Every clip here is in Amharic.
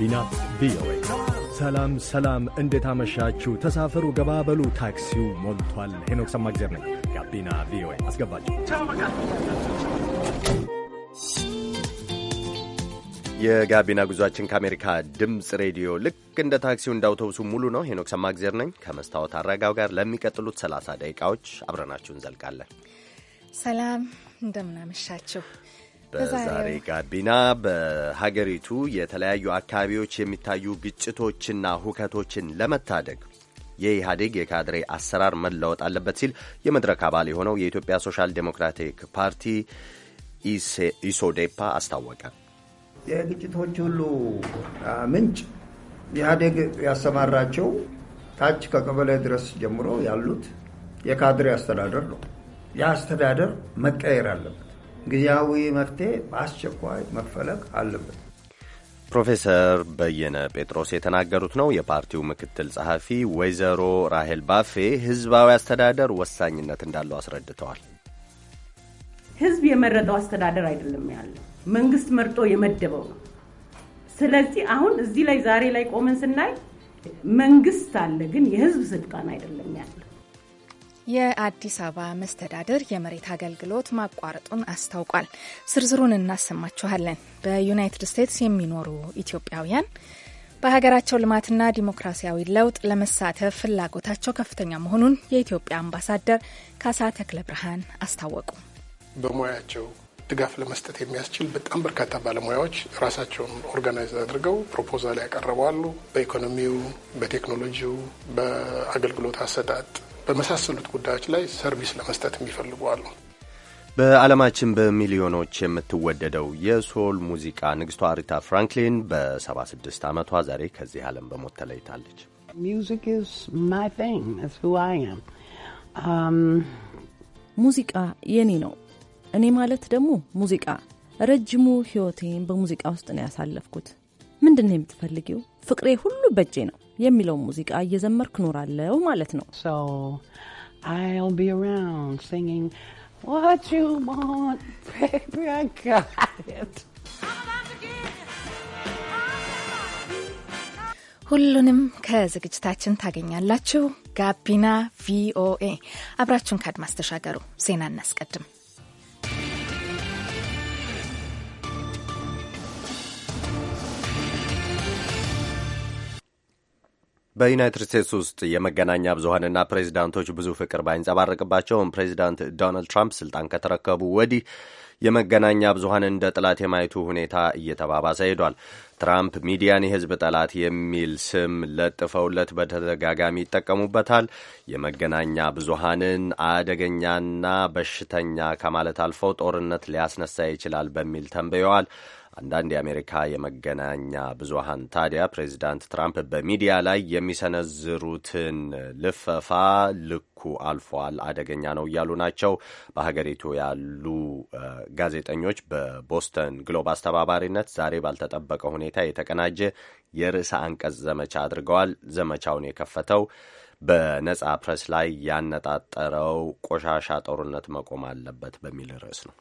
ጋቢና ቪኦኤ። ሰላም ሰላም፣ እንዴት አመሻችሁ? ተሳፈሩ፣ ገባበሉ፣ ታክሲው ሞልቷል። ሄኖክ ሰማግዜር ነኝ። ጋቢና ቪኦኤ አስገባችሁ። የጋቢና ጉዟችን ከአሜሪካ ድምፅ ሬዲዮ ልክ እንደ ታክሲው እንደ አውቶቡሱ ሙሉ ነው። ሄኖክ ሰማግዜር ነኝ ከመስታወት አረጋው ጋር ለሚቀጥሉት 30 ደቂቃዎች አብረናችሁ እንዘልቃለን። ሰላም እንደምናመሻችሁ በዛሬ ጋቢና በሀገሪቱ የተለያዩ አካባቢዎች የሚታዩ ግጭቶችና ሁከቶችን ለመታደግ የኢህአዴግ የካድሬ አሰራር መለወጥ አለበት ሲል የመድረክ አባል የሆነው የኢትዮጵያ ሶሻል ዴሞክራቲክ ፓርቲ ኢሶዴፓ አስታወቀ። የግጭቶች ሁሉ ምንጭ ኢህአዴግ ያሰማራቸው ታች ከቀበሌ ድረስ ጀምሮ ያሉት የካድሬ አስተዳደር ነው። ያ አስተዳደር መቀየር አለበት። ጊዜያዊ መፍትሄ በአስቸኳይ መፈለግ አለበት። ፕሮፌሰር በየነ ጴጥሮስ የተናገሩት ነው። የፓርቲው ምክትል ጸሐፊ ወይዘሮ ራሄል ባፌ ህዝባዊ አስተዳደር ወሳኝነት እንዳለው አስረድተዋል። ህዝብ የመረጠው አስተዳደር አይደለም ያለ መንግስት መርጦ የመደበው ነው። ስለዚህ አሁን እዚህ ላይ ዛሬ ላይ ቆመን ስናይ መንግስት አለ፣ ግን የህዝብ ስልጣን አይደለም ያለ የአዲስ አበባ መስተዳድር የመሬት አገልግሎት ማቋረጡን አስታውቋል። ዝርዝሩን እናሰማችኋለን። በዩናይትድ ስቴትስ የሚኖሩ ኢትዮጵያውያን በሀገራቸው ልማትና ዲሞክራሲያዊ ለውጥ ለመሳተፍ ፍላጎታቸው ከፍተኛ መሆኑን የኢትዮጵያ አምባሳደር ካሳ ተክለ ብርሃን አስታወቁ። በሙያቸው ድጋፍ ለመስጠት የሚያስችል በጣም በርካታ ባለሙያዎች ራሳቸውን ኦርጋናይዝ አድርገው ፕሮፖዛል ያቀረባሉ። በኢኮኖሚው፣ በቴክኖሎጂው፣ በአገልግሎት አሰጣጥ በመሳሰሉት ጉዳዮች ላይ ሰርቪስ ለመስጠት የሚፈልጉ አሉ። በዓለማችን በሚሊዮኖች የምትወደደው የሶል ሙዚቃ ንግሥቷ አሪታ ፍራንክሊን በ76 ዓመቷ ዛሬ ከዚህ ዓለም በሞት ተለይታለች። um, ሙዚቃ የኔ ነው። እኔ ማለት ደግሞ ሙዚቃ። ረጅሙ ሕይወቴን በሙዚቃ ውስጥ ነው ያሳለፍኩት። ምንድን ነው የምትፈልጊው? ፍቅሬ ሁሉ በጄ ነው የሚለውን ሙዚቃ እየዘመርክ ኖራለው ማለት ነው። ሁሉንም ከዝግጅታችን ታገኛላችሁ። ጋቢና ቪኦኤ አብራችሁን ከአድማስ ተሻገሩ። ዜና እናስቀድም። በዩናይትድ ስቴትስ ውስጥ የመገናኛ ብዙሀንና ፕሬዚዳንቶች ብዙ ፍቅር ባይንጸባረቅባቸውም ፕሬዚዳንት ዶናልድ ትራምፕ ስልጣን ከተረከቡ ወዲህ የመገናኛ ብዙሀን እንደ ጠላት የማየቱ ሁኔታ እየተባባሰ ሄዷል። ትራምፕ ሚዲያን የህዝብ ጠላት የሚል ስም ለጥፈውለት በተደጋጋሚ ይጠቀሙበታል። የመገናኛ ብዙሀንን አደገኛና በሽተኛ ከማለት አልፈው ጦርነት ሊያስነሳ ይችላል በሚል ተንብየዋል። አንዳንድ የአሜሪካ የመገናኛ ብዙሃን ታዲያ ፕሬዚዳንት ትራምፕ በሚዲያ ላይ የሚሰነዝሩትን ልፈፋ ልኩ አልፏል፣ አደገኛ ነው እያሉ ናቸው። በሀገሪቱ ያሉ ጋዜጠኞች በቦስተን ግሎብ አስተባባሪነት ዛሬ ባልተጠበቀ ሁኔታ የተቀናጀ የርዕሰ አንቀጽ ዘመቻ አድርገዋል። ዘመቻውን የከፈተው በነጻ ፕሬስ ላይ ያነጣጠረው ቆሻሻ ጦርነት መቆም አለበት በሚል ርዕስ ነው።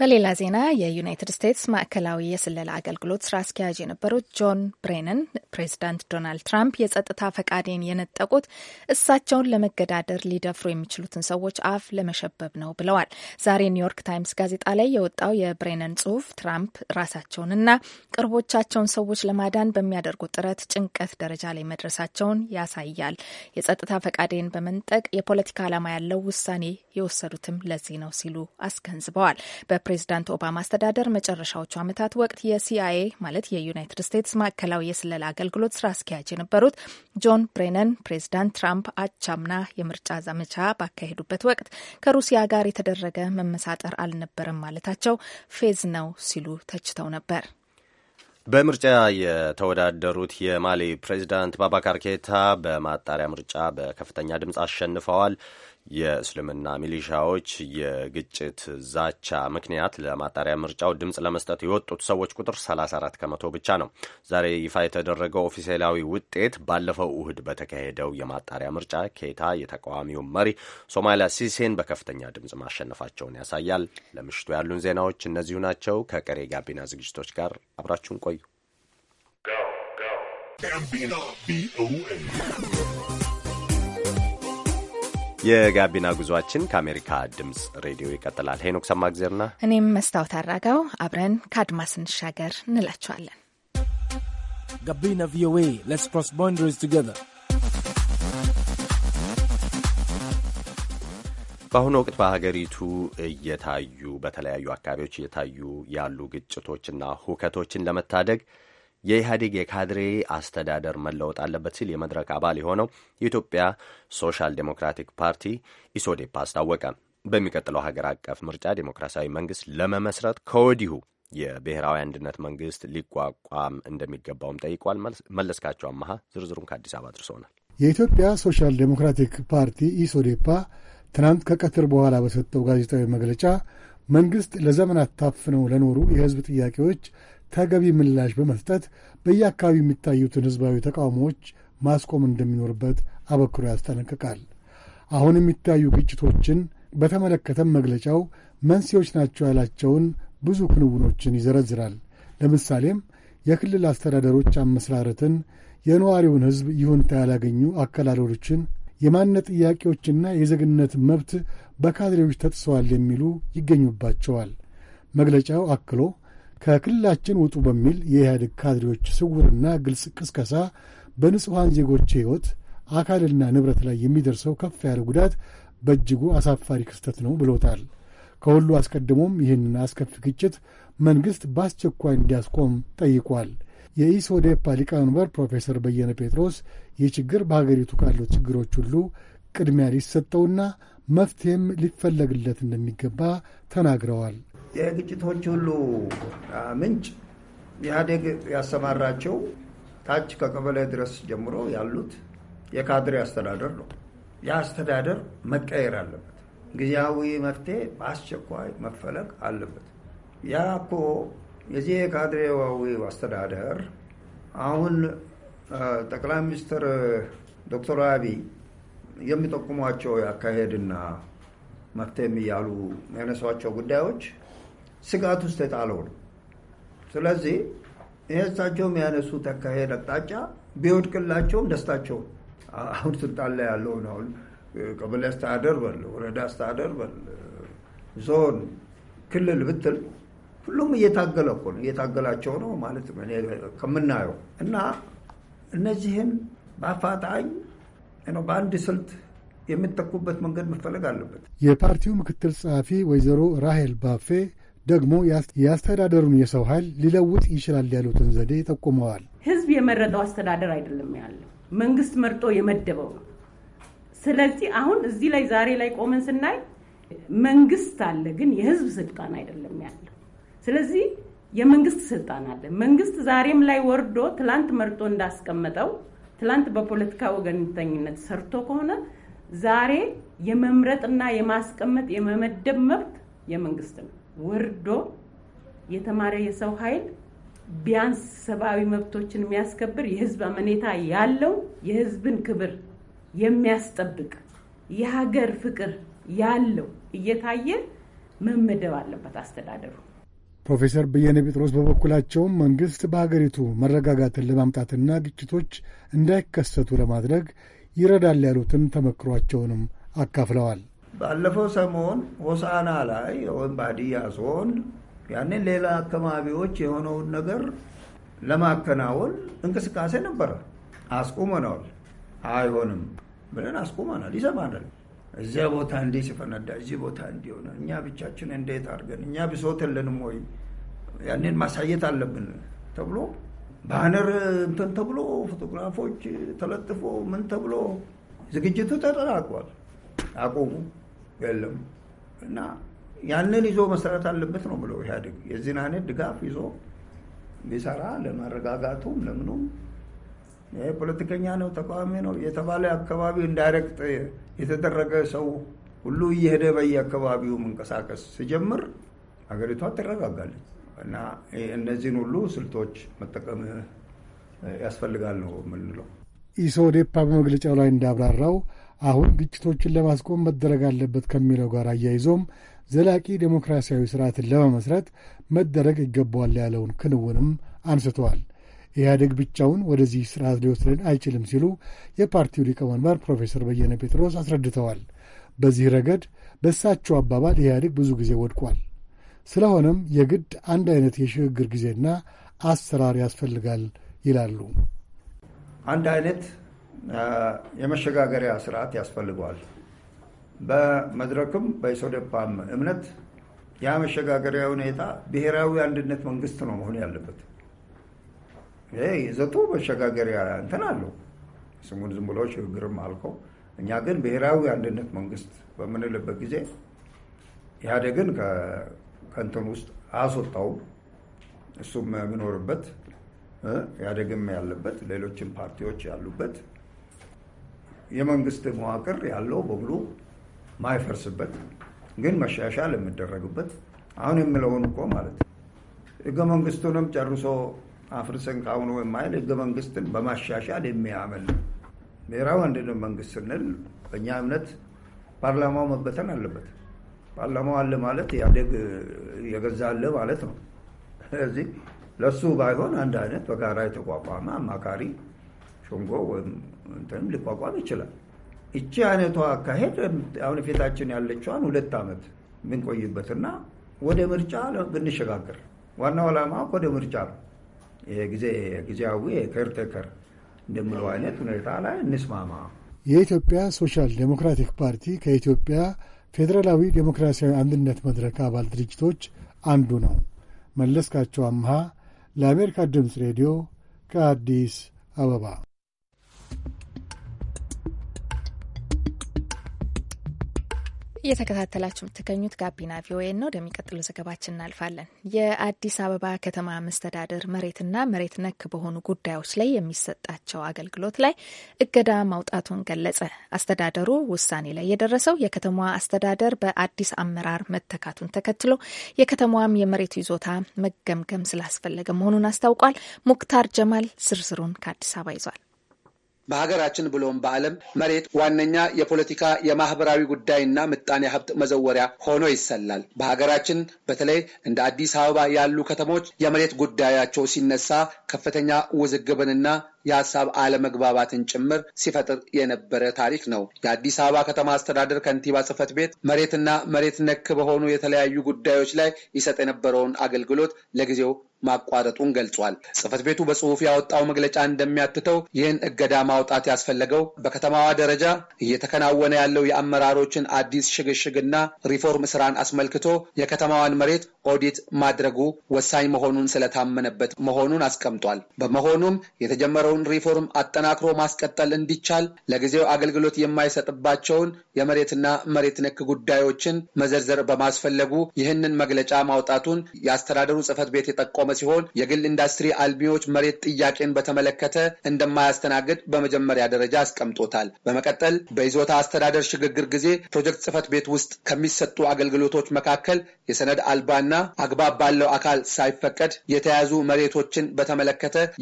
በሌላ ዜና የዩናይትድ ስቴትስ ማዕከላዊ የስለላ አገልግሎት ስራ አስኪያጅ የነበሩት ጆን ብሬነን ፕሬዚዳንት ዶናልድ ትራምፕ የጸጥታ ፈቃዴን የነጠቁት እሳቸውን ለመገዳደር ሊደፍሩ የሚችሉትን ሰዎች አፍ ለመሸበብ ነው ብለዋል። ዛሬ ኒውዮርክ ታይምስ ጋዜጣ ላይ የወጣው የብሬነን ጽሁፍ ትራምፕ ራሳቸውንና ቅርቦቻቸውን ሰዎች ለማዳን በሚያደርጉት ጥረት ጭንቀት ደረጃ ላይ መድረሳቸውን ያሳያል። የጸጥታ ፈቃዴን በመንጠቅ የፖለቲካ ዓላማ ያለው ውሳኔ የወሰዱትም ለዚህ ነው ሲሉ አስገንዝበዋል። በፕሬዝዳንት ኦባማ አስተዳደር መጨረሻዎቹ ዓመታት ወቅት የሲአይኤ ማለት የዩናይትድ ስቴትስ ማዕከላዊ የስለላ አገልግሎት ስራ አስኪያጅ የነበሩት ጆን ብሬነን ፕሬዝዳንት ትራምፕ አቻምና የምርጫ ዘመቻ ባካሄዱበት ወቅት ከሩሲያ ጋር የተደረገ መመሳጠር አልነበረም ማለታቸው ፌዝ ነው ሲሉ ተችተው ነበር። በምርጫ የተወዳደሩት የማሊ ፕሬዚዳንት ባባካር ኬታ በማጣሪያ ምርጫ በከፍተኛ ድምፅ አሸንፈዋል። የእስልምና ሚሊሻዎች የግጭት ዛቻ ምክንያት ለማጣሪያ ምርጫው ድምፅ ለመስጠት የወጡት ሰዎች ቁጥር 34 ከመቶ ብቻ ነው። ዛሬ ይፋ የተደረገው ኦፊሴላዊ ውጤት ባለፈው እሁድ በተካሄደው የማጣሪያ ምርጫ ኬታ የተቃዋሚውን መሪ ሶማሊያ ሲሴን በከፍተኛ ድምፅ ማሸነፋቸውን ያሳያል። ለምሽቱ ያሉን ዜናዎች እነዚሁ ናቸው። ከቀሬ ጋቢና ዝግጅቶች ጋር አብራችሁን ቆዩ። የጋቢና ጉዟችን ከአሜሪካ ድምፅ ሬዲዮ ይቀጥላል። ሄኖክ ሰማግዜርና እኔም መስታወት አራጋው አብረን ከአድማስ እንሻገር እንላቸዋለን። ጋቢና ቪኦኤ ሌትስ ክሮስ ቦንደሪስ ቱጌዘር። በአሁኑ ወቅት በሀገሪቱ እየታዩ በተለያዩ አካባቢዎች እየታዩ ያሉ ግጭቶችና ሁከቶችን ለመታደግ የኢህአዴግ የካድሬ አስተዳደር መለወጥ አለበት ሲል የመድረክ አባል የሆነው የኢትዮጵያ ሶሻል ዴሞክራቲክ ፓርቲ ኢሶዴፓ አስታወቀ። በሚቀጥለው ሀገር አቀፍ ምርጫ ዴሞክራሲያዊ መንግስት ለመመስረት ከወዲሁ የብሔራዊ አንድነት መንግስት ሊቋቋም እንደሚገባውም ጠይቋል። መለስካቸው አመሀ ዝርዝሩን ከአዲስ አበባ አድርሶናል። የኢትዮጵያ ሶሻል ዴሞክራቲክ ፓርቲ ኢሶዴፓ ትናንት ከቀትር በኋላ በሰጠው ጋዜጣዊ መግለጫ መንግስት ለዘመናት ታፍነው ለኖሩ የህዝብ ጥያቄዎች ተገቢ ምላሽ በመስጠት በየአካባቢው የሚታዩትን ህዝባዊ ተቃውሞዎች ማስቆም እንደሚኖርበት አበክሮ ያስጠነቅቃል። አሁን የሚታዩ ግጭቶችን በተመለከተም መግለጫው መንስኤዎች ናቸው ያላቸውን ብዙ ክንውኖችን ይዘረዝራል። ለምሳሌም የክልል አስተዳደሮች አመስራረትን፣ የነዋሪውን ሕዝብ ይሁንታ ያላገኙ አከላለሎችን፣ የማንነት ጥያቄዎችና የዜግነት መብት በካድሬዎች ተጥሰዋል የሚሉ ይገኙባቸዋል። መግለጫው አክሎ ከክልላችን ውጡ በሚል የኢህአዴግ ካድሬዎች ስውርና ግልጽ ቅስቀሳ በንጹሐን ዜጎች ሕይወት አካልና ንብረት ላይ የሚደርሰው ከፍ ያለ ጉዳት በእጅጉ አሳፋሪ ክስተት ነው ብሎታል። ከሁሉ አስቀድሞም ይህን አስከፊ ግጭት መንግሥት በአስቸኳይ እንዲያስቆም ጠይቋል። የኢሶዴፓ ሊቀመንበር ፕሮፌሰር በየነ ጴጥሮስ ይህ ችግር በሀገሪቱ ካሉት ችግሮች ሁሉ ቅድሚያ ሊሰጠውና መፍትሔም ሊፈለግለት እንደሚገባ ተናግረዋል። የግጭቶች ሁሉ ምንጭ ኢህአዴግ ያሰማራቸው ታች ከቀበሌ ድረስ ጀምሮ ያሉት የካድሬ አስተዳደር ነው። የአስተዳደር መቀየር አለበት። ጊዜያዊ መፍትሄ በአስቸኳይ መፈለግ አለበት። ያ እኮ የዚህ የካድሬዋዊ አስተዳደር አሁን ጠቅላይ ሚኒስትር ዶክተር አብይ የሚጠቁሟቸው ያካሄድና መፍትሄም እያሉ ያነሷቸው ጉዳዮች ስጋት ውስጥ የጣለው ነው። ስለዚህ የእሳቸው የሚያነሱት አካሄድ አቅጣጫ ቢወድቅላቸውም ደስታቸው አሁን ስልጣን ላይ ያለውን አሁን ቀበሌ አስተዳደር በል ወረዳ አስተዳደር በል ዞን ክልል ብትል ሁሉም እየታገለ እኮ ነው እየታገላቸው ነው ማለት ከምናየው እና እነዚህን በአፋጣኝ በአንድ ስልት የሚተኩበት መንገድ መፈለግ አለበት። የፓርቲው ምክትል ጸሐፊ ወይዘሮ ራሄል ባፌ ደግሞ የአስተዳደሩን የሰው ኃይል ሊለውጥ ይችላል ያሉትን ዘዴ ጠቁመዋል። ህዝብ የመረጠው አስተዳደር አይደለም ያለው መንግስት መርጦ የመደበው ነው። ስለዚህ አሁን እዚህ ላይ ዛሬ ላይ ቆመን ስናይ መንግስት አለ፣ ግን የህዝብ ስልጣን አይደለም ያለው። ስለዚህ የመንግስት ስልጣን አለ። መንግስት ዛሬም ላይ ወርዶ ትላንት መርጦ እንዳስቀመጠው ትላንት በፖለቲካ ወገንተኝነት ሰርቶ ከሆነ ዛሬ የመምረጥና የማስቀመጥ የመመደብ መብት የመንግስት ነው። ወርዶ የተማረ የሰው ኃይል ቢያንስ ሰብአዊ መብቶችን የሚያስከብር የህዝብ አመኔታ ያለው የህዝብን ክብር የሚያስጠብቅ የሀገር ፍቅር ያለው እየታየ መመደብ አለበት አስተዳደሩ። ፕሮፌሰር በየነ ጴጥሮስ በበኩላቸውም መንግስት በሀገሪቱ መረጋጋትን ለማምጣትና ግጭቶች እንዳይከሰቱ ለማድረግ ይረዳል ያሉትን ተመክሯቸውንም አካፍለዋል። ባለፈው ሰሞን ሆሳና ላይ ወይም ባዲያ ዞን ያንን ሌላ አካባቢዎች የሆነውን ነገር ለማከናወን እንቅስቃሴ ነበረ። አስቁመነዋል። አይሆንም ብለን አስቁመናል። ይሰማናል። እዚያ ቦታ እንዲህ ሲፈነዳ፣ እዚህ ቦታ እንዲሆነ እኛ ብቻችን እንዴት አድርገን እኛ ብሶት የለንም ወይ ያንን ማሳየት አለብን ተብሎ ባነር እንትን ተብሎ ፎቶግራፎች ተለጥፎ ምን ተብሎ ዝግጅቱ ተጠናቋል። አቆሙ። የለም እና ያንን ይዞ መሰረት አለበት ነው ብለው ኢህአዴግ የዚህን አይነት ድጋፍ ይዞ ቢሰራ ለመረጋጋቱም ለምኑም ፖለቲከኛ ነው ተቃዋሚ ነው የተባለ አካባቢ እንዳይረግጥ የተደረገ ሰው ሁሉ እየሄደ በየአካባቢው መንቀሳቀስ ሲጀምር ሀገሪቷ ትረጋጋለች እና እነዚህን ሁሉ ስልቶች መጠቀም ያስፈልጋል ነው የምንለው። ኢሶዴፓ በመግለጫው ላይ እንዳብራራው አሁን ግጭቶችን ለማስቆም መደረግ አለበት ከሚለው ጋር አያይዞም ዘላቂ ዴሞክራሲያዊ ስርዓትን ለመመስረት መደረግ ይገባዋል ያለውን ክንውንም አንስተዋል። ኢህአዴግ ብቻውን ወደዚህ ስርዓት ሊወስድን አይችልም ሲሉ የፓርቲው ሊቀመንበር ፕሮፌሰር በየነ ጴጥሮስ አስረድተዋል። በዚህ ረገድ በእሳቸው አባባል ኢህአዴግ ብዙ ጊዜ ወድቋል። ስለሆነም የግድ አንድ አይነት የሽግግር ጊዜና አሰራር ያስፈልጋል ይላሉ። አንድ አይነት የመሸጋገሪያ ስርዓት ያስፈልገዋል። በመድረክም በኢሶደፓም እምነት ያ መሸጋገሪያ ሁኔታ ብሔራዊ አንድነት መንግስት ነው መሆን ያለበት። ይሄ ይዘቱ መሸጋገሪያ እንትን አለው ስሙን ዝም ብሎ ሽግግርም አልከው። እኛ ግን ብሔራዊ አንድነት መንግስት በምንልበት ጊዜ ኢህአዴግን ከእንትን ውስጥ አስወጣውም። እሱም የሚኖርበት ኢህአዴግም ያለበት ሌሎችም ፓርቲዎች ያሉበት የመንግስት መዋቅር ያለው በሙሉ ማይፈርስበት ግን መሻሻል የሚደረግበት አሁን የምለውን እኮ ማለት ነው። ህገ መንግስቱንም ጨርሶ አፍርሰን ከአሁኑ የማይል ህገ መንግስትን በማሻሻል የሚያምል ብሔራዊ አንድነት መንግስት ስንል በእኛ እምነት ፓርላማው መበተን አለበት። ፓርላማው አለ ማለት ያደግ የገዛ አለ ማለት ነው። ስለዚህ ለሱ ባይሆን አንድ አይነት በጋራ የተቋቋመ አማካሪ ሸንጎ ወይም እንትንም ሊቋቋም ይችላል። እቺ አይነቷ አካሄድ አሁን ፊታችን ያለችዋን ሁለት ዓመት የምንቆይበትና ወደ ምርጫ ብንሸጋገር ዋናው ዓላማ ወደ ምርጫ ነው። ጊዜያዊ ከርተከር እንደምለው አይነት ሁኔታ ላይ እንስማማ። የኢትዮጵያ ሶሻል ዴሞክራቲክ ፓርቲ ከኢትዮጵያ ፌዴራላዊ ዴሞክራሲያዊ አንድነት መድረክ አባል ድርጅቶች አንዱ ነው። መለስካቸው አምሃ ለአሜሪካ ድምፅ ሬዲዮ ከአዲስ አበባ እየተከታተላችሁ የምትገኙት ጋቢና ቪኦኤ ነው። ወደሚቀጥለው ዘገባችን እናልፋለን። የአዲስ አበባ ከተማ መስተዳደር መሬትና መሬት ነክ በሆኑ ጉዳዮች ላይ የሚሰጣቸው አገልግሎት ላይ እገዳ ማውጣቱን ገለጸ። አስተዳደሩ ውሳኔ ላይ የደረሰው የከተማዋ አስተዳደር በአዲስ አመራር መተካቱን ተከትሎ የከተማዋም የመሬት ይዞታ መገምገም ስላስፈለገ መሆኑን አስታውቋል። ሙክታር ጀማል ዝርዝሩን ከአዲስ አበባ ይዟል። በሀገራችን ብሎም በዓለም መሬት ዋነኛ የፖለቲካ የማህበራዊ ጉዳይና ምጣኔ ሀብት መዘወሪያ ሆኖ ይሰላል። በሀገራችን በተለይ እንደ አዲስ አበባ ያሉ ከተሞች የመሬት ጉዳያቸው ሲነሳ ከፍተኛ ውዝግብንና የሀሳብ አለመግባባትን ጭምር ሲፈጥር የነበረ ታሪክ ነው። የአዲስ አበባ ከተማ አስተዳደር ከንቲባ ጽህፈት ቤት መሬትና መሬት ነክ በሆኑ የተለያዩ ጉዳዮች ላይ ይሰጥ የነበረውን አገልግሎት ለጊዜው ማቋረጡን ገልጿል። ጽሕፈት ቤቱ በጽሁፍ ያወጣው መግለጫ እንደሚያትተው ይህን እገዳ ማውጣት ያስፈለገው በከተማዋ ደረጃ እየተከናወነ ያለው የአመራሮችን አዲስ ሽግሽግና ሪፎርም ስራን አስመልክቶ የከተማዋን መሬት ኦዲት ማድረጉ ወሳኝ መሆኑን ስለታመነበት መሆኑን አስቀምጧል። በመሆኑም የተጀመረው የነበረውን ሪፎርም አጠናክሮ ማስቀጠል እንዲቻል ለጊዜው አገልግሎት የማይሰጥባቸውን የመሬትና መሬት ነክ ጉዳዮችን መዘርዘር በማስፈለጉ ይህንን መግለጫ ማውጣቱን የአስተዳደሩ ጽህፈት ቤት የጠቆመ ሲሆን የግል ኢንዱስትሪ አልሚዎች መሬት ጥያቄን በተመለከተ እንደማያስተናግድ በመጀመሪያ ደረጃ አስቀምጦታል። በመቀጠል በይዞታ አስተዳደር ሽግግር ጊዜ ፕሮጀክት ጽፈት ቤት ውስጥ ከሚሰጡ አገልግሎቶች መካከል የሰነድ አልባና አግባብ ባለው አካል ሳይፈቀድ የተያዙ መሬቶችን በተመለከተ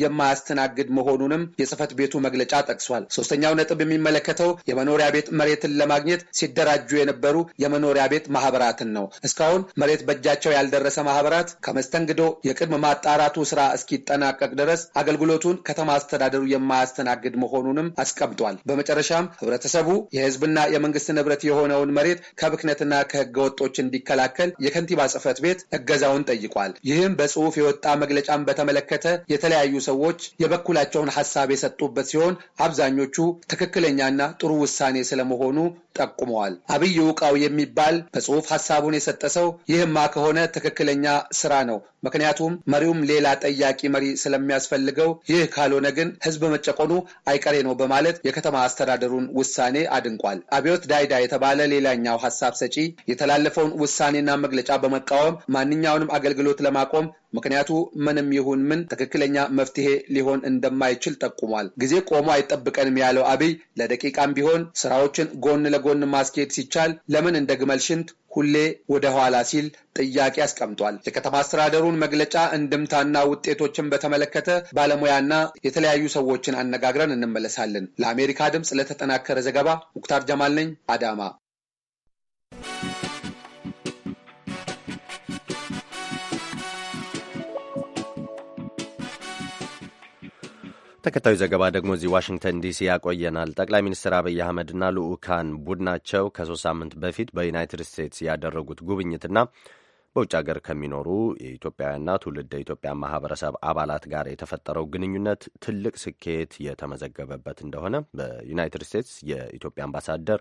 የማያስተናግድ መሆኑ መሆኑንም የጽህፈት ቤቱ መግለጫ ጠቅሷል። ሶስተኛው ነጥብ የሚመለከተው የመኖሪያ ቤት መሬትን ለማግኘት ሲደራጁ የነበሩ የመኖሪያ ቤት ማህበራትን ነው። እስካሁን መሬት በእጃቸው ያልደረሰ ማህበራት ከመስተንግዶ የቅድመ ማጣራቱ ስራ እስኪጠናቀቅ ድረስ አገልግሎቱን ከተማ አስተዳደሩ የማያስተናግድ መሆኑንም አስቀምጧል። በመጨረሻም ህብረተሰቡ የህዝብና የመንግስት ንብረት የሆነውን መሬት ከብክነትና ከህገ ወጦች እንዲከላከል የከንቲባ ጽህፈት ቤት እገዛውን ጠይቋል። ይህም በጽሁፍ የወጣ መግለጫን በተመለከተ የተለያዩ ሰዎች የበኩላቸውን ያላቸውን ሀሳብ የሰጡበት ሲሆን አብዛኞቹ ትክክለኛና ጥሩ ውሳኔ ስለመሆኑ ጠቁመዋል። አብይ ውቃው የሚባል በጽሁፍ ሀሳቡን የሰጠ ሰው ይህማ ከሆነ ትክክለኛ ስራ ነው፣ ምክንያቱም መሪውም ሌላ ጠያቂ መሪ ስለሚያስፈልገው፣ ይህ ካልሆነ ግን ህዝብ መጨቆኑ አይቀሬ ነው በማለት የከተማ አስተዳደሩን ውሳኔ አድንቋል። አብዮት ዳይዳ የተባለ ሌላኛው ሀሳብ ሰጪ የተላለፈውን ውሳኔና መግለጫ በመቃወም ማንኛውንም አገልግሎት ለማቆም ምክንያቱ ምንም ይሁን ምን ትክክለኛ መፍትሄ ሊሆን እንደማይችል ጠቁሟል። ጊዜ ቆሞ አይጠብቀንም ያለው አብይ ለደቂቃም ቢሆን ስራዎችን ጎን ለጎን ማስኬድ ሲቻል ለምን እንደ ግመል ሽንት ሁሌ ወደ ኋላ ሲል ጥያቄ አስቀምጧል። የከተማ አስተዳደሩን መግለጫ እንድምታና ውጤቶችን በተመለከተ ባለሙያና የተለያዩ ሰዎችን አነጋግረን እንመለሳለን። ለአሜሪካ ድምፅ ለተጠናከረ ዘገባ ሙክታር ጀማል ነኝ አዳማ ተከታዩ ዘገባ ደግሞ እዚህ ዋሽንግተን ዲሲ ያቆየናል። ጠቅላይ ሚኒስትር አብይ አህመድና ልዑካን ቡድናቸው ከሶስት ሳምንት በፊት በዩናይትድ ስቴትስ ያደረጉት ጉብኝትና በውጭ ሀገር ከሚኖሩ የኢትዮጵያውያንና ትውልደ ኢትዮጵያ ማህበረሰብ አባላት ጋር የተፈጠረው ግንኙነት ትልቅ ስኬት የተመዘገበበት እንደሆነ በዩናይትድ ስቴትስ የኢትዮጵያ አምባሳደር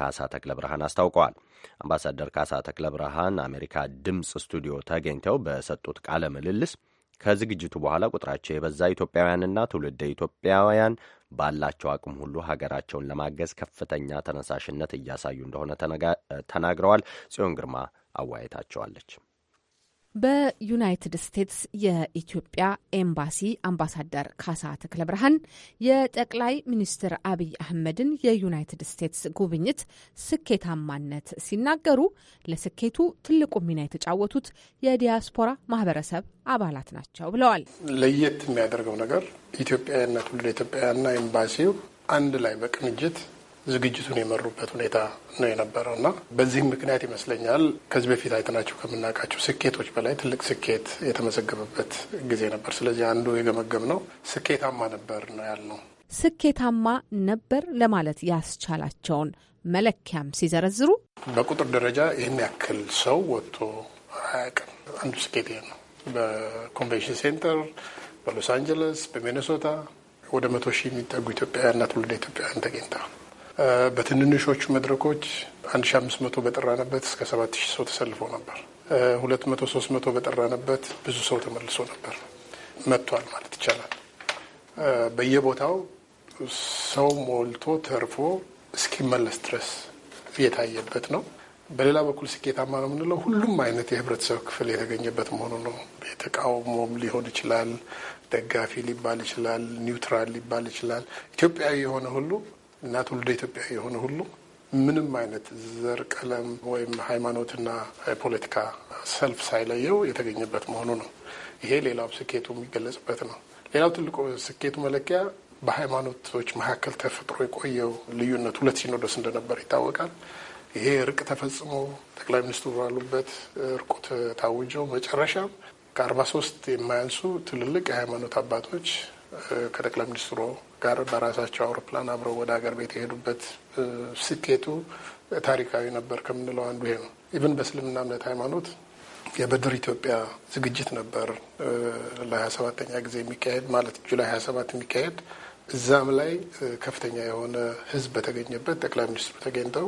ካሳ ተክለ ብርሃን አስታውቀዋል። አምባሳደር ካሳ ተክለ ብርሃን አሜሪካ ድምፅ ስቱዲዮ ተገኝተው በሰጡት ቃለ ምልልስ ከዝግጅቱ በኋላ ቁጥራቸው የበዛ ኢትዮጵያውያንና ትውልደ ኢትዮጵያውያን ባላቸው አቅም ሁሉ ሀገራቸውን ለማገዝ ከፍተኛ ተነሳሽነት እያሳዩ እንደሆነ ተናግረዋል። ጽዮን ግርማ አወያይታቸዋለች። በዩናይትድ ስቴትስ የኢትዮጵያ ኤምባሲ አምባሳደር ካሳ ተክለ ብርሃን የጠቅላይ ሚኒስትር አብይ አህመድን የዩናይትድ ስቴትስ ጉብኝት ስኬታማነት ሲናገሩ ለስኬቱ ትልቁ ሚና የተጫወቱት የዲያስፖራ ማህበረሰብ አባላት ናቸው ብለዋል። ለየት የሚያደርገው ነገር ኢትዮጵያውያንና ትውልደ ኤምባሲው አንድ ላይ በቅንጅት ዝግጅቱን የመሩበት ሁኔታ ነው የነበረው እና በዚህም ምክንያት ይመስለኛል ከዚህ በፊት አይተናቸው ከምናውቃቸው ስኬቶች በላይ ትልቅ ስኬት የተመዘገበበት ጊዜ ነበር። ስለዚህ አንዱ የገመገብ ነው ስኬታማ ነበር ነው ያልነው። ስኬታማ ነበር ለማለት ያስቻላቸውን መለኪያም ሲዘረዝሩ በቁጥር ደረጃ ይህን ያክል ሰው ወጥቶ አያውቅም። አንዱ ስኬት ነው። በኮንቬንሽን ሴንተር በሎስ አንጀለስ፣ በሚኔሶታ ወደ መቶ ሺህ የሚጠጉ ኢትዮጵያውያንና ትውልደ ኢትዮጵያውያን ተገኝተዋል። በትንንሾቹ መድረኮች 1500 በጠራንበት እስከ 7000 ሰው ተሰልፎ ነበር። 200 300 በጠራንበት ብዙ ሰው ተመልሶ ነበር መጥቷል ማለት ይቻላል። በየቦታው ሰው ሞልቶ ተርፎ እስኪመለስ ድረስ የታየበት ነው። በሌላ በኩል ስኬታማ ነው የምንለው ሁሉም አይነት የህብረተሰብ ክፍል የተገኘበት መሆኑ ነው። የተቃውሞም ሊሆን ይችላል፣ ደጋፊ ሊባል ይችላል፣ ኒውትራል ሊባል ይችላል። ኢትዮጵያዊ የሆነ ሁሉ እና ትውልደ ኢትዮጵያዊ የሆነ ሁሉ ምንም አይነት ዘር፣ ቀለም ወይም ሃይማኖትና የፖለቲካ ሰልፍ ሳይለየው የተገኘበት መሆኑ ነው። ይሄ ሌላው ስኬቱ የሚገለጽበት ነው። ሌላው ትልቁ ስኬቱ መለኪያ በሃይማኖቶች መካከል ተፈጥሮ የቆየው ልዩነት ሁለት ሲኖዶስ እንደነበር ይታወቃል። ይሄ እርቅ ተፈጽሞ ጠቅላይ ሚኒስትሩ ባሉበት እርቁ ታውጀው መጨረሻም ከአርባ ሶስት የማያንሱ ትልልቅ የሃይማኖት አባቶች ከጠቅላይ ሚኒስትሩ ጋር በራሳቸው አውሮፕላን አብረው ወደ ሀገር ቤት የሄዱበት ስኬቱ ታሪካዊ ነበር ከምንለው አንዱ ይሄ ነው። ኢቭን በእስልምና እምነት ሃይማኖት የበድር ኢትዮጵያ ዝግጅት ነበር ለሀያ ሰባተኛ ጊዜ የሚካሄድ ማለት ጁላይ ሀያ ሰባት የሚካሄድ እዛም ላይ ከፍተኛ የሆነ ህዝብ በተገኘበት ጠቅላይ ሚኒስትሩ ተገኝተው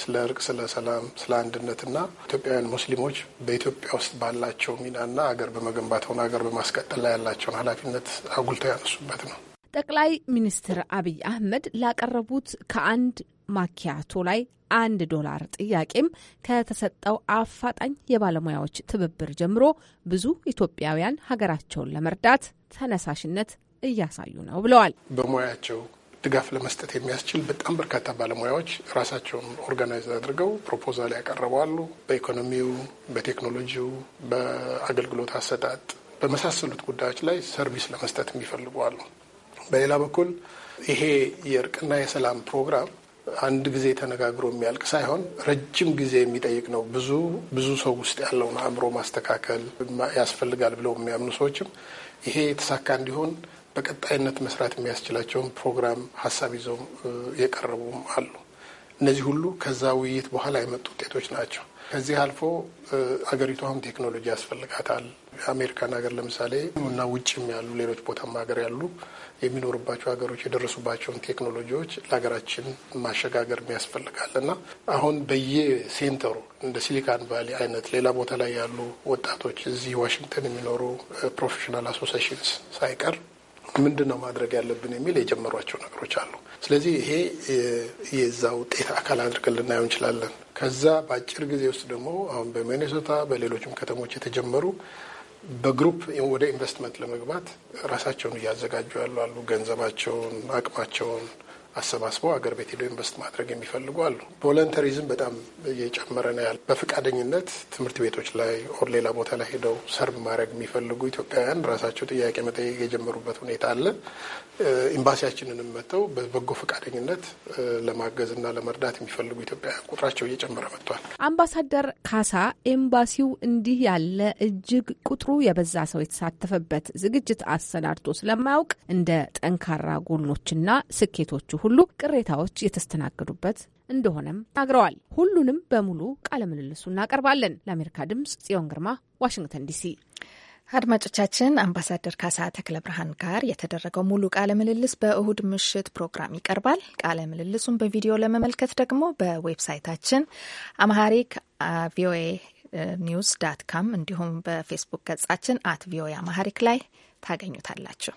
ስለ እርቅ፣ ስለ ሰላም፣ ስለ አንድነትና ኢትዮጵያውያን ሙስሊሞች በኢትዮጵያ ውስጥ ባላቸው ሚናና አገር በመገንባት ሆነ አገር በማስቀጠል ላይ ያላቸውን ኃላፊነት አጉልተው ያነሱበት ነው። ጠቅላይ ሚኒስትር አብይ አህመድ ላቀረቡት ከአንድ ማኪያቶ ላይ አንድ ዶላር ጥያቄም ከተሰጠው አፋጣኝ የባለሙያዎች ትብብር ጀምሮ ብዙ ኢትዮጵያውያን ሀገራቸውን ለመርዳት ተነሳሽነት እያሳዩ ነው ብለዋል። በሙያቸው ድጋፍ ለመስጠት የሚያስችል በጣም በርካታ ባለሙያዎች ራሳቸውን ኦርጋናይዝ አድርገው ፕሮፖዛል ያቀረባሉ። በኢኮኖሚው፣ በቴክኖሎጂው፣ በአገልግሎት አሰጣጥ በመሳሰሉት ጉዳዮች ላይ ሰርቪስ ለመስጠት የሚፈልጉ አሉ። በሌላ በኩል ይሄ የእርቅና የሰላም ፕሮግራም አንድ ጊዜ ተነጋግሮ የሚያልቅ ሳይሆን ረጅም ጊዜ የሚጠይቅ ነው። ብዙ ብዙ ሰው ውስጥ ያለውን አእምሮ ማስተካከል ያስፈልጋል ብለው የሚያምኑ ሰዎችም ይሄ የተሳካ እንዲሆን በቀጣይነት መስራት የሚያስችላቸውን ፕሮግራም ሀሳብ ይዘው የቀረቡም አሉ። እነዚህ ሁሉ ከዛ ውይይት በኋላ የመጡ ውጤቶች ናቸው። ከዚህ አልፎ አገሪቱ አሁን ቴክኖሎጂ ያስፈልጋታል። አሜሪካን ሀገር ለምሳሌ እና ውጭም ያሉ ሌሎች ቦታም ሀገር ያሉ የሚኖሩባቸው ሀገሮች የደረሱባቸውን ቴክኖሎጂዎች ለሀገራችን ማሸጋገር ያስፈልጋል እና አሁን በየሴንተሩ እንደ ሲሊካን ቫሊ አይነት ሌላ ቦታ ላይ ያሉ ወጣቶች እዚህ ዋሽንግተን የሚኖሩ ፕሮፌሽናል አሶሲሽንስ ሳይቀር ምንድን ነው ማድረግ ያለብን የሚል የጀመሯቸው ነገሮች አሉ። ስለዚህ ይሄ የዛ ውጤት አካል አድርገን ልናየው እንችላለን። ከዛ በአጭር ጊዜ ውስጥ ደግሞ አሁን በሚኔሶታ በሌሎችም ከተሞች የተጀመሩ በግሩፕ ወደ ኢንቨስትመንት ለመግባት ራሳቸውን እያዘጋጁ ያሉ አሉ። ገንዘባቸውን፣ አቅማቸውን አሰባስበው አገር ቤት ሄደው ኢንቨስት ማድረግ የሚፈልጉ አሉ። ቮለንተሪዝም በጣም እየጨመረ ነው ያለ። በፈቃደኝነት ትምህርት ቤቶች ላይ ኦር ሌላ ቦታ ላይ ሄደው ሰርብ ማድረግ የሚፈልጉ ኢትዮጵያውያን ራሳቸው ጥያቄ መጠየቅ የጀመሩበት ሁኔታ አለ። ኤምባሲያችንንም መጥተው በበጎ ፈቃደኝነት ለማገዝና ለመርዳት የሚፈልጉ ኢትዮጵያውያን ቁጥራቸው እየጨመረ መጥቷል። አምባሳደር ካሳ ኤምባሲው እንዲህ ያለ እጅግ ቁጥሩ የበዛ ሰው የተሳተፈበት ዝግጅት አሰናድቶ ስለማያውቅ እንደ ጠንካራ ጎኖችና ስኬቶቹ ሁሉ ቅሬታዎች የተስተናገዱበት እንደሆነም ተናግረዋል። ሁሉንም በሙሉ ቃለ ምልልሱ እናቀርባለን። ለአሜሪካ ድምጽ ጽዮን ግርማ፣ ዋሽንግተን ዲሲ። አድማጮቻችን አምባሳደር ካሳ ተክለ ብርሃን ጋር የተደረገው ሙሉ ቃለ ምልልስ በእሁድ ምሽት ፕሮግራም ይቀርባል። ቃለ ምልልሱን በቪዲዮ ለመመልከት ደግሞ በዌብሳይታችን አማሃሪክ ቪኦኤ ኒውስ ዳት ካም እንዲሁም በፌስቡክ ገጻችን አት ቪኦኤ አማሃሪክ ላይ ታገኙታላችሁ።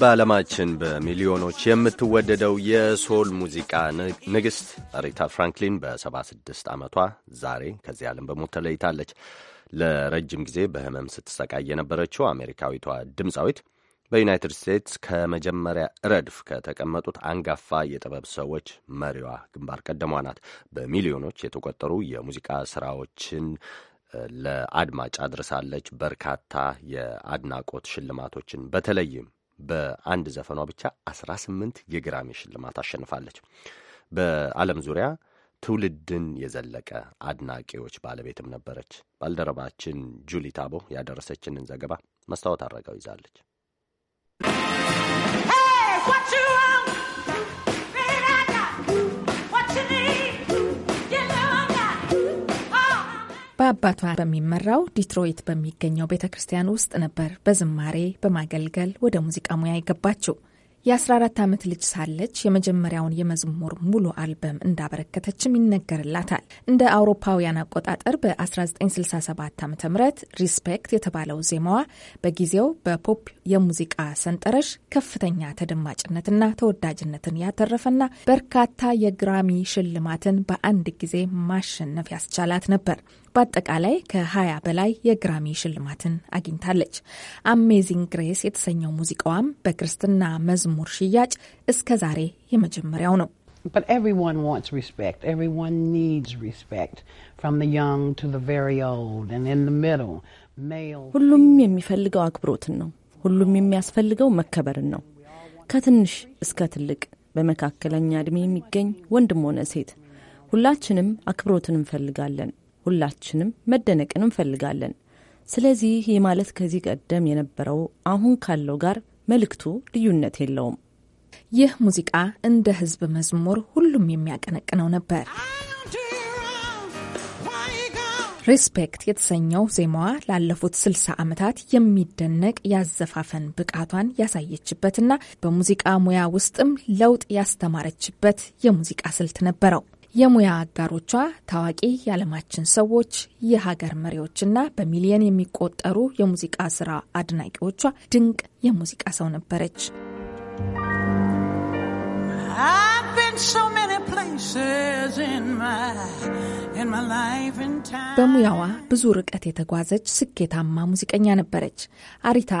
በዓለማችን በሚሊዮኖች የምትወደደው የሶል ሙዚቃ ንግሥት አሬታ ፍራንክሊን በ76 ዓመቷ ዛሬ ከዚህ ዓለም በሞት ተለይታለች። ለረጅም ጊዜ በህመም ስትሰቃይ የነበረችው አሜሪካዊቷ ድምፃዊት በዩናይትድ ስቴትስ ከመጀመሪያ ረድፍ ከተቀመጡት አንጋፋ የጥበብ ሰዎች መሪዋ ግንባር ቀደሟ ናት። በሚሊዮኖች የተቆጠሩ የሙዚቃ ስራዎችን ለአድማጭ አድርሳለች። በርካታ የአድናቆት ሽልማቶችን በተለይም በአንድ ዘፈኗ ብቻ 18 የግራሚ ሽልማት አሸንፋለች። በዓለም ዙሪያ ትውልድን የዘለቀ አድናቂዎች ባለቤትም ነበረች። ባልደረባችን ጁሊ ታቦ ያደረሰችንን ዘገባ መስታወት አረጋው ይዛለች። በአባቷ በሚመራው ዲትሮይት በሚገኘው ቤተ ክርስቲያን ውስጥ ነበር በዝማሬ በማገልገል ወደ ሙዚቃ ሙያ የገባችው። የ14 ዓመት ልጅ ሳለች የመጀመሪያውን የመዝሙር ሙሉ አልበም እንዳበረከተችም ይነገርላታል። እንደ አውሮፓውያን አቆጣጠር በ1967 ዓ ም ሪስፔክት የተባለው ዜማዋ በጊዜው በፖፕ የሙዚቃ ሰንጠረዥ ከፍተኛ ተደማጭነትና ተወዳጅነትን ያተረፈና በርካታ የግራሚ ሽልማትን በአንድ ጊዜ ማሸነፍ ያስቻላት ነበር። በአጠቃላይ ከ20 በላይ የግራሚ ሽልማትን አግኝታለች። አሜዚንግ ግሬስ የተሰኘው ሙዚቃዋም በክርስትና መዝሙ መዝሙር ሽያጭ እስከ ዛሬ የመጀመሪያው ነው። ሁሉም የሚፈልገው አክብሮትን ነው። ሁሉም የሚያስፈልገው መከበርን ነው። ከትንሽ እስከ ትልቅ፣ በመካከለኛ ዕድሜ የሚገኝ ወንድም ሆነ ሴት፣ ሁላችንም አክብሮትን እንፈልጋለን። ሁላችንም መደነቅን እንፈልጋለን። ስለዚህ ይህ ማለት ከዚህ ቀደም የነበረው አሁን ካለው ጋር መልእክቱ ልዩነት የለውም። ይህ ሙዚቃ እንደ ህዝብ መዝሙር ሁሉም የሚያቀነቅነው ነበር። ሪስፔክት የተሰኘው ዜማዋ ላለፉት 60 ዓመታት የሚደነቅ ያዘፋፈን ብቃቷን ያሳየችበትና በሙዚቃ ሙያ ውስጥም ለውጥ ያስተማረችበት የሙዚቃ ስልት ነበረው። የሙያ አጋሮቿ ታዋቂ የዓለማችን ሰዎች፣ የሀገር መሪዎችና በሚሊየን የሚቆጠሩ የሙዚቃ ስራ አድናቂዎቿ ድንቅ የሙዚቃ ሰው ነበረች። በሙያዋ ብዙ ርቀት የተጓዘች ስኬታማ ሙዚቀኛ ነበረች። አሪታ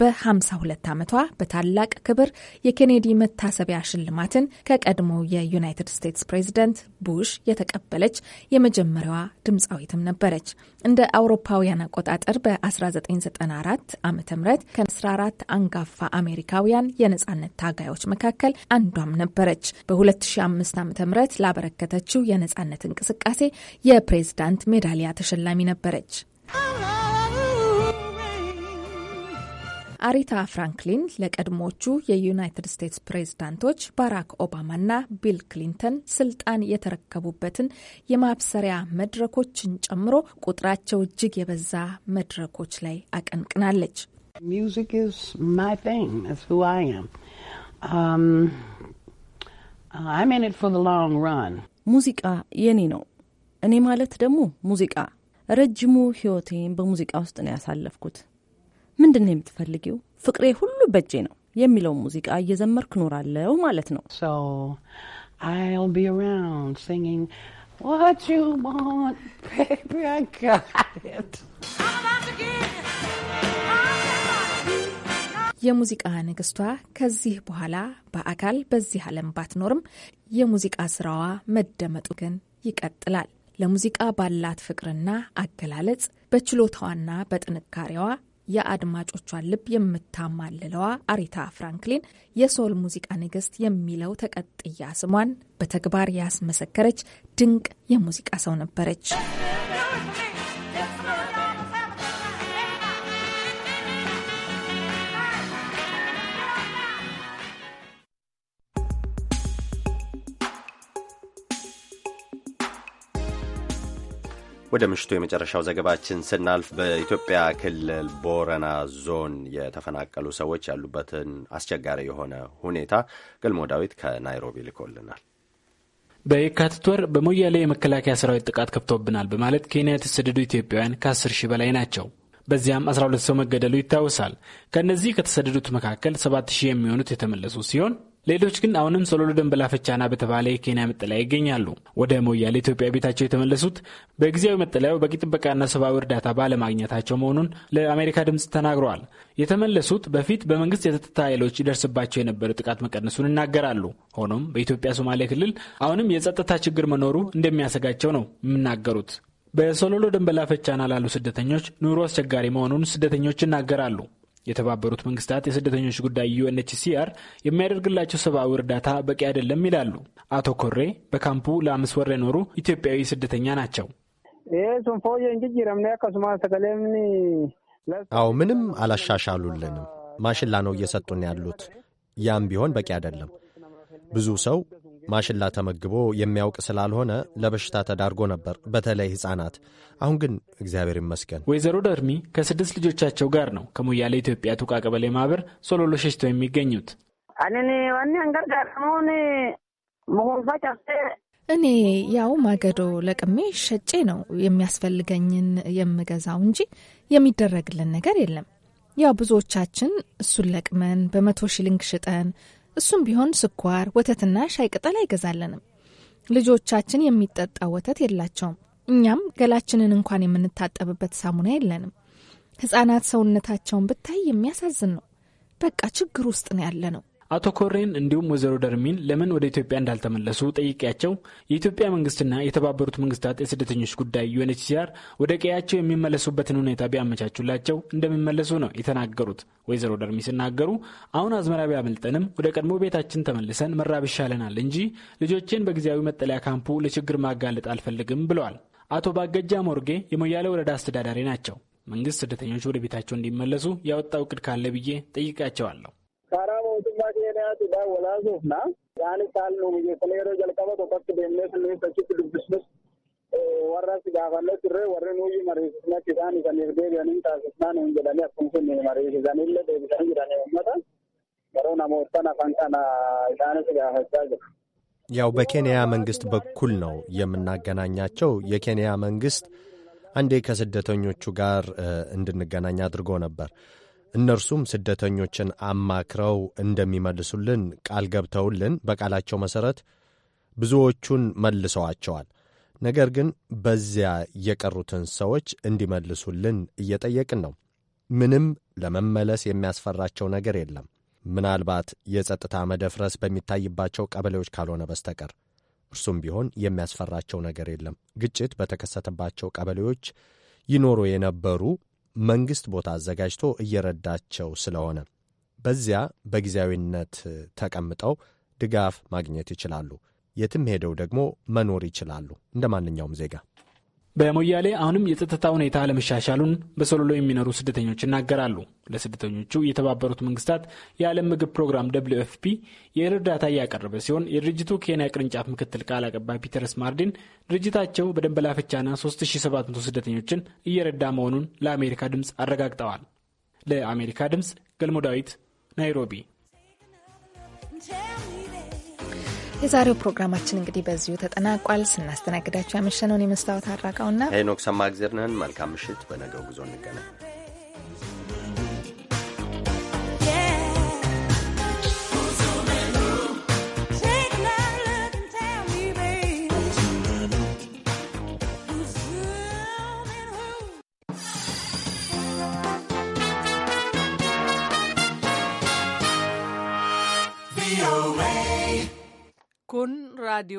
በ52 ዓመቷ በታላቅ ክብር የኬኔዲ መታሰቢያ ሽልማትን ከቀድሞ የዩናይትድ ስቴትስ ፕሬዚደንት ቡሽ የተቀበለች የመጀመሪያዋ ድምፃዊትም ነበረች። እንደ አውሮፓውያን አቆጣጠር በ1994 ዓ ም ከ14 አንጋፋ አሜሪካውያን የነጻነት ታጋዮች መካከል አንዷም ነበረች። በ2005 ዓ ም ላበረከተችው የነጻነት እንቅስቃሴ የፕሬዝዳንት ሜዳሊያ ተሸላሚ ነበረች። አሪታ ፍራንክሊን ለቀድሞቹ የዩናይትድ ስቴትስ ፕሬዝዳንቶች ባራክ ኦባማና ቢል ክሊንተን ስልጣን የተረከቡበትን የማብሰሪያ መድረኮችን ጨምሮ ቁጥራቸው እጅግ የበዛ መድረኮች ላይ አቀንቅናለች። um, ሙዚቃ የኔ ነው። እኔ ማለት ደግሞ ሙዚቃ ረጅሙ ሕይወቴን በሙዚቃ ውስጥ ነው ያሳለፍኩት። ምንድን ነው የምትፈልጊው? ፍቅሬ ሁሉ በእጄ ነው የሚለው ሙዚቃ እየዘመርክ ኖራለው ማለት ነው። የሙዚቃ ንግስቷ ከዚህ በኋላ በአካል በዚህ ዓለም ባትኖርም የሙዚቃ ስራዋ መደመጡ ግን ይቀጥላል። ለሙዚቃ ባላት ፍቅርና አገላለጽ በችሎታዋና በጥንካሬዋ የአድማጮቿን ልብ የምታማልለዋ አሪታ ፍራንክሊን የሶል ሙዚቃ ንግስት የሚለው ተቀጥያ ስሟን በተግባር ያስመሰከረች ድንቅ የሙዚቃ ሰው ነበረች። ወደ ምሽቱ የመጨረሻው ዘገባችን ስናልፍ በኢትዮጵያ ክልል ቦረና ዞን የተፈናቀሉ ሰዎች ያሉበትን አስቸጋሪ የሆነ ሁኔታ ገልሞ ዳዊት ከናይሮቢ ልኮልናል። በየካቲት ወር በሞያሌ የመከላከያ ሰራዊት ጥቃት ከፍቶብናል በማለት ኬንያ የተሰደዱ ኢትዮጵያውያን ከ10 ሺህ በላይ ናቸው። በዚያም 12 ሰው መገደሉ ይታወሳል። ከእነዚህ ከተሰደዱት መካከል 7 ሺህ የሚሆኑት የተመለሱ ሲሆን ሌሎች ግን አሁንም ሶሎሎ ደንበላ ፈቻና በተባለ የኬንያ መጠለያ ይገኛሉ። ወደ ሞያሌ ኢትዮጵያ ቤታቸው የተመለሱት በጊዜያዊ መጠለያው በቂ ጥበቃና ሰብአዊ እርዳታ ባለማግኘታቸው መሆኑን ለአሜሪካ ድምፅ ተናግረዋል። የተመለሱት በፊት በመንግስት የጸጥታ ኃይሎች ይደርስባቸው የነበረ ጥቃት መቀነሱን ይናገራሉ። ሆኖም በኢትዮጵያ ሶማሌ ክልል አሁንም የጸጥታ ችግር መኖሩ እንደሚያሰጋቸው ነው የሚናገሩት። በሶሎሎ ደንበላ ፈቻና ላሉ ስደተኞች ኑሮ አስቸጋሪ መሆኑን ስደተኞች ይናገራሉ። የተባበሩት መንግስታት የስደተኞች ጉዳይ ዩኤንኤችሲአር የሚያደርግላቸው ሰብአዊ እርዳታ በቂ አይደለም ይላሉ። አቶ ኮሬ በካምፑ ለአምስት ወር የኖሩ ኢትዮጵያዊ ስደተኛ ናቸው። አዎ፣ ምንም አላሻሻሉልንም። ማሽላ ነው እየሰጡን ያሉት። ያም ቢሆን በቂ አይደለም። ብዙ ሰው ማሽላ ተመግቦ የሚያውቅ ስላልሆነ ለበሽታ ተዳርጎ ነበር፣ በተለይ ሕፃናት። አሁን ግን እግዚአብሔር ይመስገን። ወይዘሮ ደርሚ ከስድስት ልጆቻቸው ጋር ነው ከሞያሌ ኢትዮጵያ ቱቃ ቀበሌ ማህበር ሶሎሎ ሸሽተው የሚገኙት። እኔ ያው ማገዶ ለቅሜ ሸጬ ነው የሚያስፈልገኝን የምገዛው እንጂ የሚደረግልን ነገር የለም። ያው ብዙዎቻችን እሱን ለቅመን በመቶ ሺሊንግ ሽጠን እሱም ቢሆን ስኳር፣ ወተትና ሻይ ቅጠል አይገዛለንም። ልጆቻችን የሚጠጣ ወተት የላቸውም። እኛም ገላችንን እንኳን የምንታጠብበት ሳሙና የለንም። ሕጻናት ሰውነታቸውን ብታይ የሚያሳዝን ነው። በቃ ችግር ውስጥ ነው ያለ ነው። አቶ ኮሬን እንዲሁም ወይዘሮ ደርሚን ለምን ወደ ኢትዮጵያ እንዳልተመለሱ ጠይቄያቸው የኢትዮጵያ መንግስትና የተባበሩት መንግስታት የስደተኞች ጉዳይ ዩኤንኤችሲአር ወደ ቀያቸው የሚመለሱበትን ሁኔታ ቢያመቻቹላቸው እንደሚመለሱ ነው የተናገሩት። ወይዘሮ ደርሚ ሲናገሩ አሁን አዝመራ ቢያመልጠንም ወደ ቀድሞ ቤታችን ተመልሰን መራብ ይሻለናል እንጂ ልጆቼን በጊዜያዊ መጠለያ ካምፑ ለችግር ማጋለጥ አልፈልግም ብለዋል። አቶ ባገጃ ሞርጌ የሞያሌ ወረዳ አስተዳዳሪ ናቸው። መንግስት ስደተኞች ወደ ቤታቸው እንዲመለሱ ያወጣው እቅድ ካለ ብዬ ጠይቃቸዋለሁ። Walaasaatidha. Walaasuufna isaanis haala nu biyyeessanii yeroo jalqaba tokkotti deemnee sunniin achitti dubbisnus warras taasisnaa jiranii kana ነው የምናገናኛቸው። የኬንያ መንግስት አንዴ ከስደተኞቹ ጋር እንድንገናኝ አድርጎ ነበር። እነርሱም ስደተኞችን አማክረው እንደሚመልሱልን ቃል ገብተውልን በቃላቸው መሠረት ብዙዎቹን መልሰዋቸዋል። ነገር ግን በዚያ የቀሩትን ሰዎች እንዲመልሱልን እየጠየቅን ነው። ምንም ለመመለስ የሚያስፈራቸው ነገር የለም፣ ምናልባት የጸጥታ መደፍረስ በሚታይባቸው ቀበሌዎች ካልሆነ በስተቀር። እርሱም ቢሆን የሚያስፈራቸው ነገር የለም። ግጭት በተከሰተባቸው ቀበሌዎች ይኖሩ የነበሩ መንግስት ቦታ አዘጋጅቶ እየረዳቸው ስለሆነ በዚያ በጊዜያዊነት ተቀምጠው ድጋፍ ማግኘት ይችላሉ። የትም ሄደው ደግሞ መኖር ይችላሉ እንደ ማንኛውም ዜጋ። በሞያሌ አሁንም የጸጥታ ሁኔታ አለመሻሻሉን በሰሎሎ የሚኖሩ ስደተኞች ይናገራሉ። ለስደተኞቹ የተባበሩት መንግስታት የዓለም ምግብ ፕሮግራም ደብልዩ ኤፍ ፒ የእርዳታ እያቀረበ ሲሆን የድርጅቱ ኬንያ ቅርንጫፍ ምክትል ቃል አቀባይ ፒተርስ ማርዲን ድርጅታቸው በደንበላፍቻና 3700 ስደተኞችን እየረዳ መሆኑን ለአሜሪካ ድምፅ አረጋግጠዋል። ለአሜሪካ ድምፅ ገልሞ ዳዊት ናይሮቢ የዛሬው ፕሮግራማችን እንግዲህ በዚሁ ተጠናቋል። ስናስተናግዳችሁ ያመሸነውን የመስታወት አድራቃውና ሄኖክ ሰማእግዜር ነን። መልካም ምሽት። በነገው ጉዞ እንገናኝ። con Radio